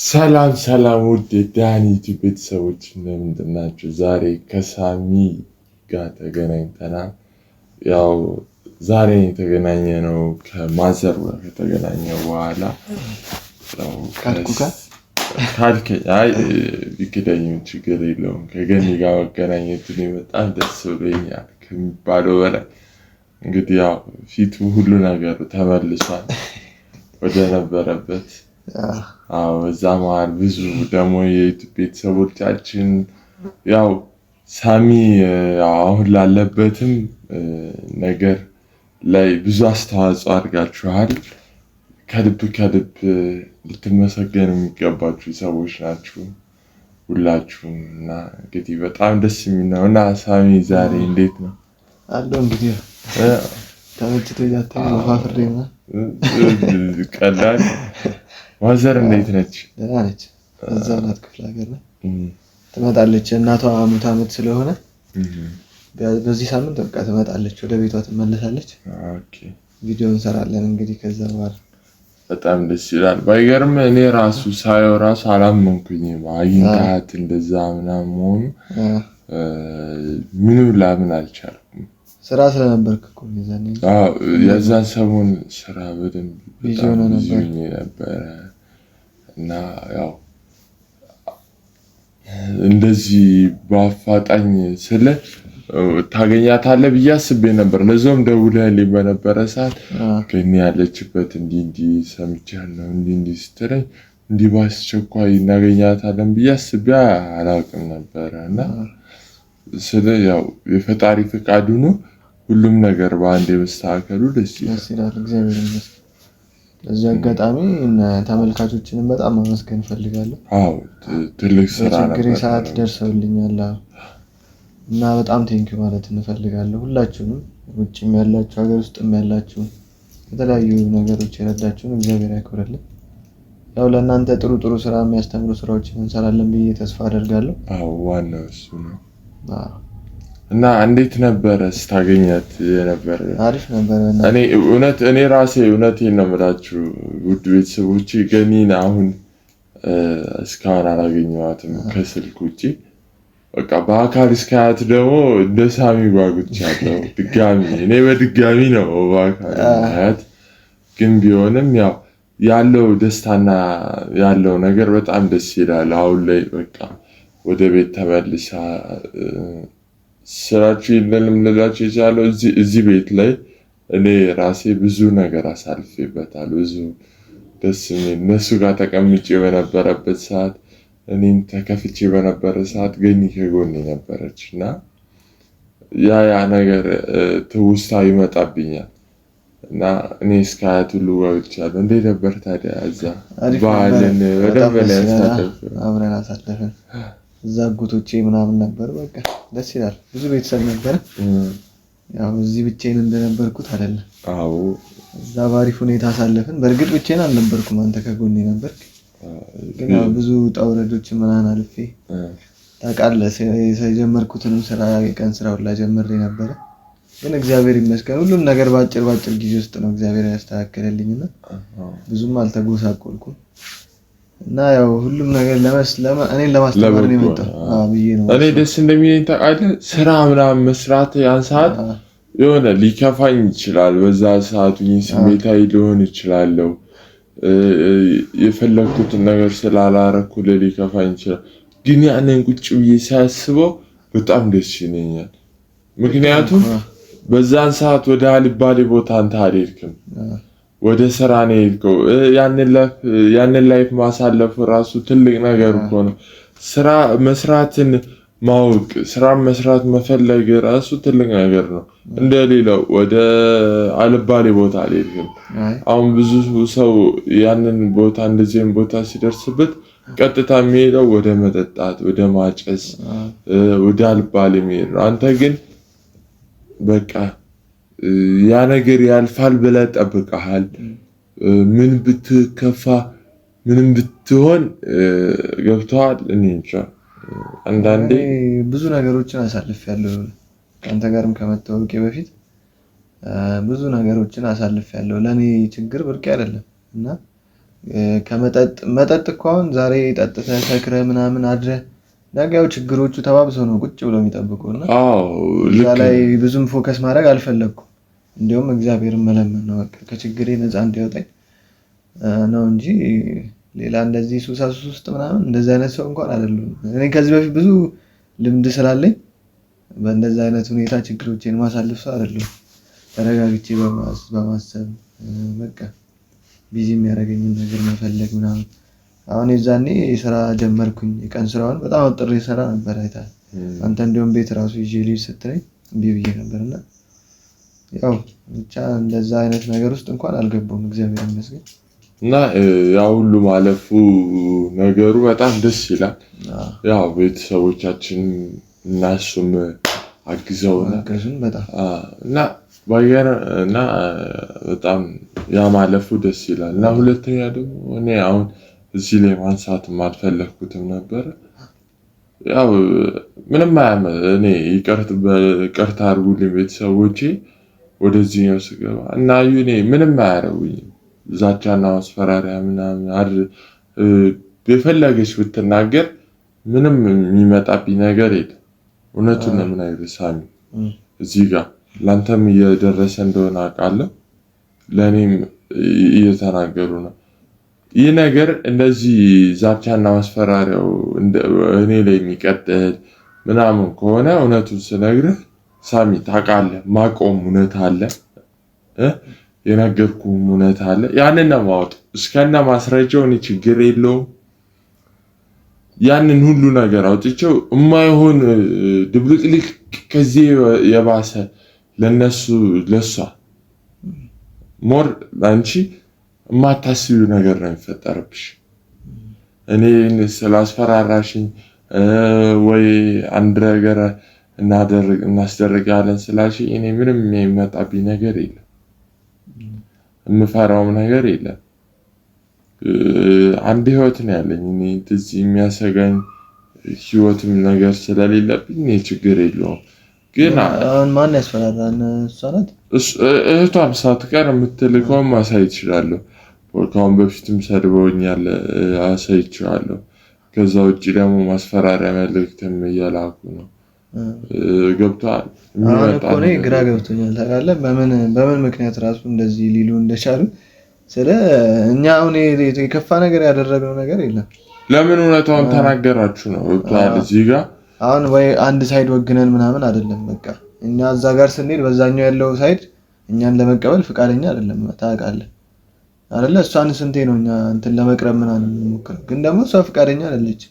ሰላም ሰላም ውድ የዳኒ ቤተሰቦች እንደምንድን ናቸው ዛሬ ከሳሚ ጋር ተገናኝተናል። ያው ዛሬ የተገናኘ ነው ከማዘር ጋር ከተገናኘ በኋላ ቢክደኝም ችግር የለውም። ከገኒ ጋር መገናኘቱን በጣም ደስ ብሎኛል ከሚባለው በላይ እንግዲህ ያው ፊቱ ሁሉ ነገር ተመልሷል ወደ ነበረበት በዛ መሀል ብዙ ደግሞ ቤተሰቦቻችን ያው ሳሚ አሁን ላለበትም ነገር ላይ ብዙ አስተዋጽኦ አድርጋችኋል። ከልብ ከልብ ልትመሰገን የሚገባችሁ ሰዎች ናችሁ ሁላችሁም። እና እንግዲህ በጣም ደስ የሚል ነው። እና ሳሚ ዛሬ እንዴት ነው አለ እንግዲህ ፋፍሬ ቀላል ማዘር እንዴት ነች? ደህና ነች። እዛ ናት፣ ክፍለ ሀገር ነው። ትመጣለች። እናቷ አመት አመት ስለሆነ በዚህ ሳምንት በቃ ትመጣለች፣ ወደ ቤቷ ትመለሳለች። ቪዲዮ እንሰራለን እንግዲህ ከዛ በኋላ በጣም ደስ ይላል። ባይገርም እኔ ራሱ ሳየው ራሱ አላመንኩኝም። አግኝታት እንደዛ ምናምን መሆኑ ምንም ላምን አልቻልኩም። ስራ ስለነበርክ እኮ የዛን ሰሞን ስራ በደንብ ነበረ እና ያው እንደዚህ በአፋጣኝ ስለ ታገኛታለህ ብዬ አስቤ ነበር። ለዛውም ደውለህልኝ በነበረ ሰዓት ከኔ ያለችበት እንዲህ እንዲህ ሰምቻለሁ እንዲህ እንዲህ ስትለኝ እንዲህ በአስቸኳይ እናገኛታለን ብዬ አስቤ አላውቅም ነበረ እና ስለ ያው የፈጣሪ ፈቃድ ሆኖ ሁሉም ነገር በአንድ የመስተካከሉ ደስ ይላል። እዚህ አጋጣሚ ተመልካቾችንም በጣም ማመስገን እፈልጋለሁ። ትልቅ ስራ ችግሬ ሰዓት ደርሰውልኛል እና በጣም ቴንኪው ማለት እንፈልጋለሁ። ሁላችሁንም ውጭም ያላችሁ ሀገር ውስጥም ያላችሁ የተለያዩ ነገሮች የረዳችሁን እግዚአብሔር ያክብርልን። ያው ለእናንተ ጥሩ ጥሩ ስራ የሚያስተምሩ ስራዎችን እንሰራለን ብዬ ተስፋ አደርጋለሁ። ዋናው እሱ ነው። እና እንዴት ነበረ ስታገኛት የነበረ? አሪፍ ነበረ። እኔ እውነት እኔ ራሴ እውነቴን ነው የምላችሁ ውድ ቤተሰቦቼ ገኒን አሁን እስካሁን አላገኘኋትም ከስልክ ውጭ። በቃ በአካል እስካያት ደግሞ እንደ ሳሚ ጓጉቻለሁ። ድጋሚ እኔ በድጋሚ ነው በአካል ያት፣ ግን ቢሆንም ያው ያለው ደስታና ያለው ነገር በጣም ደስ ይላል። አሁን ላይ በቃ ወደ ቤት ተመልሳ ስራችሁ የለንም ልላችሁ የቻለው እዚህ ቤት ላይ እኔ ራሴ ብዙ ነገር አሳልፌበታል። ብዙ ደስ እነሱ ጋር ተቀምጬ በነበረበት ሰዓት፣ እኔም ተከፍቼ በነበረ ሰዓት ገኝ ከጎን ነበረች እና ያ ያ ነገር ትውስታ ይመጣብኛል እና እኔ እስከ አያት ሁሉ ገብቻለሁ። እንዴት ነበር ታዲያ እዛ ባህልን በደንብ ላይ አሳለፍን አብረን እዛ አጎቶቼ ምናምን ነበር። በቃ ደስ ይላል። ብዙ ቤተሰብ ነበረ። ያው እዚህ ብቻዬን እንደነበርኩት አይደለም። አዎ እዛ በአሪፍ ሁኔታ አሳለፍን። በእርግጥ ብቻዬን አልነበርኩም፣ አንተ ከጎኔ ነበርክ። ግን ያው ብዙ ጠውረዶች ምናን ምናምን አልፌ ታውቃለህ። የጀመርኩትንም ስራ የቀን ስራ ሁላ ጀምሬ ነበረ። ግን እግዚአብሔር ይመስገን ሁሉም ነገር በአጭር በአጭር ጊዜ ውስጥ ነው እግዚአብሔር ያስተካከለልኝና ብዙም አልተጎሳቆልኩም። እና ያው ሁሉም ነገር እኔን ለማስተማር ነው የመጣው እኔ ደስ እንደሚለኝ ታውቃለህ። ስራ ምናምን መስራት ያን ሰዓት የሆነ ሊከፋኝ ይችላል። በዛ ሰዓቱ ስሜታዊ ሊሆን ይችላለሁ። የፈለግኩትን ነገር ስላላረኩ ሊከፋኝ ይችላል። ግን ያንን ቁጭ ብዬ ሳያስበው በጣም ደስ ይለኛል። ምክንያቱም በዛን ሰዓት ወደ አልባሌ ቦታ አንተ አልሄድክም። ወደ ስራ ነው የሄድከው። ያንን ላይፍ ማሳለፍ ራሱ ትልቅ ነገር እኮ ነው። ስራ መስራትን ማወቅ፣ ስራ መስራት መፈለግ ራሱ ትልቅ ነገር ነው። እንደሌላው ወደ አልባሌ ቦታ አልሄድክም። አሁን ብዙ ሰው ያንን ቦታ እንደዚህም ቦታ ሲደርስበት ቀጥታ የሚሄደው ወደ መጠጣት፣ ወደ ማጨስ፣ ወደ አልባሌ የሚሄድ ነው። አንተ ግን በቃ ያ ነገር ያልፋል ብለህ ጠብቀሃል። ምን ብትከፋ ምንም ብትሆን ገብተዋል። እኔ እንጃ አንዳንዴ ብዙ ነገሮችን አሳልፌያለሁ። ከአንተ ጋርም ከመታወቄ በፊት ብዙ ነገሮችን አሳልፌያለሁ። ለእኔ ችግር ብርቅ አይደለም እና ከመጠጥ መጠጥ እኮ አሁን ዛሬ ጠጥተህ ሰክረህ ምናምን አድረህ ነገ ያው ችግሮቹ ተባብሰው ነው ቁጭ ብለው የሚጠብቁ እና ላይ ብዙም ፎከስ ማድረግ አልፈለግኩም። እንዲሁም እግዚአብሔርን መለመን ነው በቃ ከችግሬ ነፃ እንዲያወጣኝ ነው እንጂ ሌላ እንደዚህ ሱሳ ውስጥ ምናምን እንደዚህ አይነት ሰው እንኳን አይደለም። እኔ ከዚህ በፊት ብዙ ልምድ ስላለኝ በእንደዚህ አይነት ሁኔታ ችግሮችን ማሳልፍ ሰው አይደለም። ተረጋግቼ በማሰብ በቃ ቢዚ የሚያደርገኝን ነገር መፈለግ ምናምን። አሁን የዛኔ ስራ ጀመርኩኝ፣ የቀን ስራውን በጣም አጥሬ ስራ ነበር አይታል አንተ። እንዲሁም ቤት ራሱ ይዤ ልጅ ስትለኝ ቢብዬ ነበርና ያው ብቻ እንደዛ አይነት ነገር ውስጥ እንኳን አልገባውም፣ እግዚአብሔር ይመስገን። እና ያ ሁሉ ማለፉ ነገሩ በጣም ደስ ይላል። ያው ቤተሰቦቻችን እናሱም አግዘውና እና ባየር እና በጣም ያ ማለፉ ደስ ይላል። እና ሁለተኛ ደግሞ እኔ አሁን እዚህ ላይ ማንሳት አልፈለግኩትም ነበረ። ያው ምንም እኔ ይቅርታ አድርጉልኝ ቤተሰቦቼ ወደዚህኛው ስገባ እና እኔ ምንም አያደርጉኝም። ዛቻና ማስፈራሪያ ምናምን የፈለገች ብትናገር ምንም የሚመጣብኝ ነገር የለም። እውነቱን ነው የምናገር ሳሚ፣ እዚህ ጋር ለአንተም እየደረሰ እንደሆነ አውቃለሁ። ለእኔም እየተናገሩ ነው። ይህ ነገር እንደዚህ ዛቻና ማስፈራሪያው እኔ ላይ የሚቀጥል ምናምን ከሆነ እውነቱን ስነግርህ ሳሚ ታውቃለህ፣ ማቆም እውነት አለ፣ የነገርኩህም እውነት አለ። ያንን ነው የማወጣው እስከነ ማስረጃው። እኔ ችግር የለውም ያንን ሁሉ ነገር አውጥቼው እማይሆን ድብልቅልቅ ከዚህ የባሰ ለነሱ ለሷ ሞር ለአንቺ የማታስቢው ነገር ነው የሚፈጠርብሽ። እኔ ስላስፈራራሽኝ ወይ አንድ ነገር እናስደርጋለን ስላልሽ እኔ ምንም የሚመጣብኝ ነገር የለም። የምፈራውም ነገር የለም። አንድ ህይወት ነው ያለኝ። እኔ ትዚ የሚያሰጋኝ ህይወትም ነገር ስለሌለብኝ እኔ ችግር የለውም። ግን ማን ያስፈራራን? ያስፈራራል? እህቷም ሳትቀር የምትልከውም ማሳይ ይችላለሁ። ከአሁን በፊትም ሰድበውኛል፣ አሳይ ይችላለሁ። ከዛ ውጭ ደግሞ ማስፈራሪያ መልእክትም እየላኩ ነው ገብቷል። እኔ ግራ ገብቶኛል ታውቃለህ፣ በምን ምክንያት ራሱ እንደዚህ ሊሉ እንደቻሉ ስለ እኛ አሁን የከፋ ነገር ያደረገው ነገር የለም። ለምን እውነታውን ተናገራችሁ ነው ገብቷል። እዚህ ጋር አሁን ወይ አንድ ሳይድ ወግነን ምናምን አይደለም። በቃ እኛ እዛ ጋር ስንሄድ በዛኛው ያለው ሳይድ እኛን ለመቀበል ፈቃደኛ አይደለም። ታውቃለህ አይደለ? እሷን ስንቴ ነው እኛ እንትን ለመቅረብ ምናምን የምንሞክረው፣ ግን ደግሞ እሷ ፈቃደኛ አይደለች።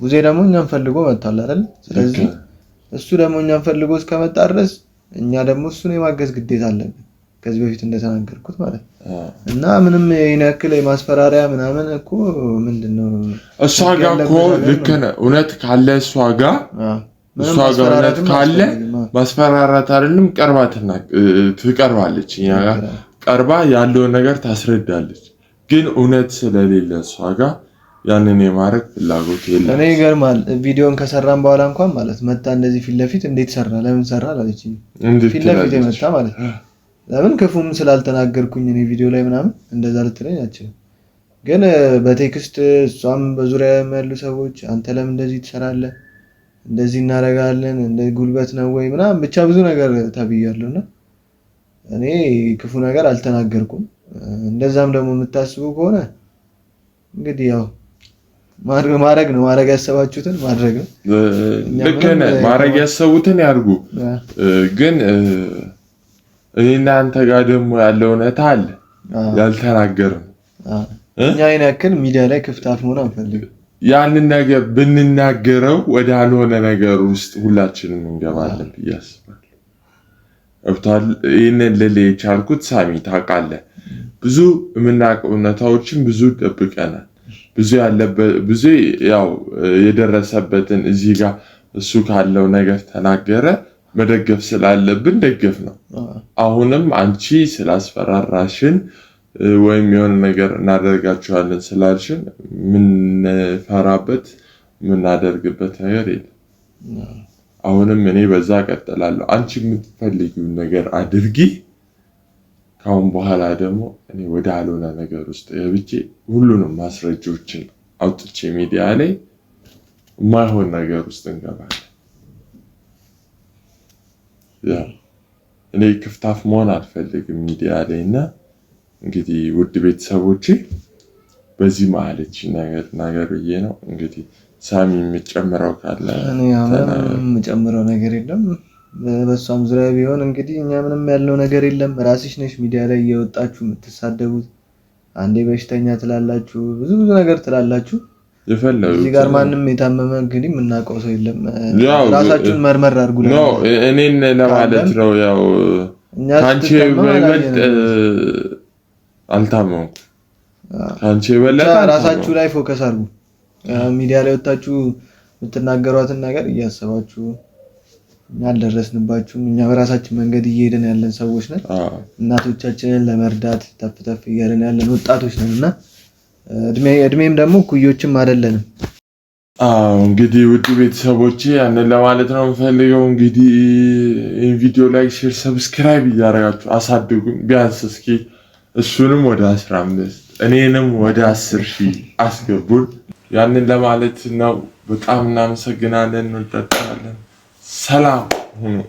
ሙሴ ደግሞ እኛን ፈልጎ መጥቷል አይደል? ስለዚህ እሱ ደግሞ እኛን ፈልጎ እስከመጣ ድረስ እኛ ደግሞ እሱን የማገዝ ግዴታ አለብን። ከዚህ በፊት እንደተናገርኩት ማለት እና ምንም ይሄን ያክል የማስፈራሪያ ምናምን እኮ ምንድን ነው እሷ ጋ እኮ ልክ ነህ። እውነት ካለ እሷ ጋ እሷ ጋ እውነት ካለ ማስፈራራት አይደለም፣ ቀርባ ትቀርባለች። እኛ ጋር ቀርባ ያለውን ነገር ታስረዳለች። ግን እውነት ስለሌለ እሷ ጋር ያንን የማድረግ ፍላጎት የለም። እኔ ይገርማል። ቪዲዮን ከሰራን በኋላ እንኳን ማለት መጣ እንደዚህ ፊት ለፊት እንዴት ሰራ ለምን ሰራ አላለች። ፊት ለፊት የመጣ ማለት ለምን ክፉም ስላልተናገርኩኝ እኔ ቪዲዮ ላይ ምናምን እንደዛ ልትለኝ አችልም። ግን በቴክስት እሷም በዙሪያ ያሉ ሰዎች አንተ ለምን እንደዚህ ትሰራለህ፣ እንደዚህ እናደርጋለን፣ እንደ ጉልበት ነው ወይ ምናምን ብቻ ብዙ ነገር ተብያለሁ እኔ ክፉ ነገር አልተናገርኩም። እንደዛም ደግሞ የምታስቡ ከሆነ እንግዲህ ያው ማድረግ ነው። ማድረግ ያሰባችሁትን ማድረግ ነው። ልክ ነህ። ማድረግ ያሰቡትን ያድርጉ። ግን እኔና አንተ ጋር ደግሞ ያለው እውነታ አለ ያልተናገርም። እኛ አይን ያክል ሚዲያ ላይ ክፍታት አልሆነ አንፈልግም። ያንን ነገር ብንናገረው ወደ አልሆነ ነገር ውስጥ ሁላችንም እንገባለን ብዬ አስባለሁ። እብቷል። ይህንን ልልህ የቻልኩት ሳሚ ታውቃለህ፣ ብዙ የምናውቀው እውነታዎችን ብዙ ደብቀናል። ብዙ ያለበት ብዙ ያው የደረሰበትን እዚህ ጋር እሱ ካለው ነገር ተናገረ። መደገፍ ስላለብን ደገፍ ነው። አሁንም አንቺ ስላስፈራራሽን ወይም የሆነ ነገር እናደርጋችኋለን ስላልሽን የምንፈራበት የምናደርግበት ነገር የለም። አሁንም እኔ በዛ ቀጥላለሁ። አንቺ የምትፈልጊውን ነገር አድርጊ። ከአሁን በኋላ ደግሞ እኔ ወደ አልሆነ ነገር ውስጥ ገብቼ ሁሉንም ማስረጃዎችን አውጥቼ ሚዲያ ላይ ማይሆን ነገር ውስጥ እንገባለን። እኔ ክፍታፍ መሆን አልፈልግም ሚዲያ ላይ እና እንግዲህ ውድ ቤተሰቦቼ በዚህ ማለች ነገር ነገር ብዬ ነው እንግዲህ ሳሚ የምጨምረው ካለ እኔ ነገር የለም። በሷም ዙሪያ ቢሆን እንግዲህ እኛ ምንም ያለው ነገር የለም። ራስሽ ነሽ ሚዲያ ላይ እየወጣችሁ የምትሳደቡት። አንዴ በሽተኛ ትላላችሁ፣ ብዙ ብዙ ነገር ትላላችሁ። እዚህ ጋር ማንም የታመመ እንግዲህ የምናውቀው ሰው የለም። ራሳችሁን መርመር አድርጉ። እኔን ለማለት ነው። ያው ከአንቺ በበለጠ አልታመምኩም። ከአንቺ በበለጠ ራሳችሁ ላይ ፎከስ አድርጉ። ሚዲያ ላይ ወጣችሁ የምትናገሯትን ነገር እያሰባችሁ እኛ አልደረስንባችሁም። እኛ በራሳችን መንገድ እየሄደን ያለን ሰዎች ነን። እናቶቻችንን ለመርዳት ተፍተፍ እያለን ያለን ወጣቶች ነን እና እድሜም ደግሞ ኩዮችም አይደለንም። እንግዲህ ውድ ቤተሰቦች ያንን ለማለት ነው የምፈልገው። እንግዲህ ይህን ቪዲዮ ላይክ፣ ሼር፣ ሰብስክራይብ እያደረጋችሁ አሳድጉኝ። ቢያንስ እስኪ እሱንም ወደ አስራ አምስት እኔንም ወደ አስር ሺህ አስገቡን። ያንን ለማለት ነው። በጣም እናመሰግናለን። እንወዳችኋለን። ሰላም ሁኑ።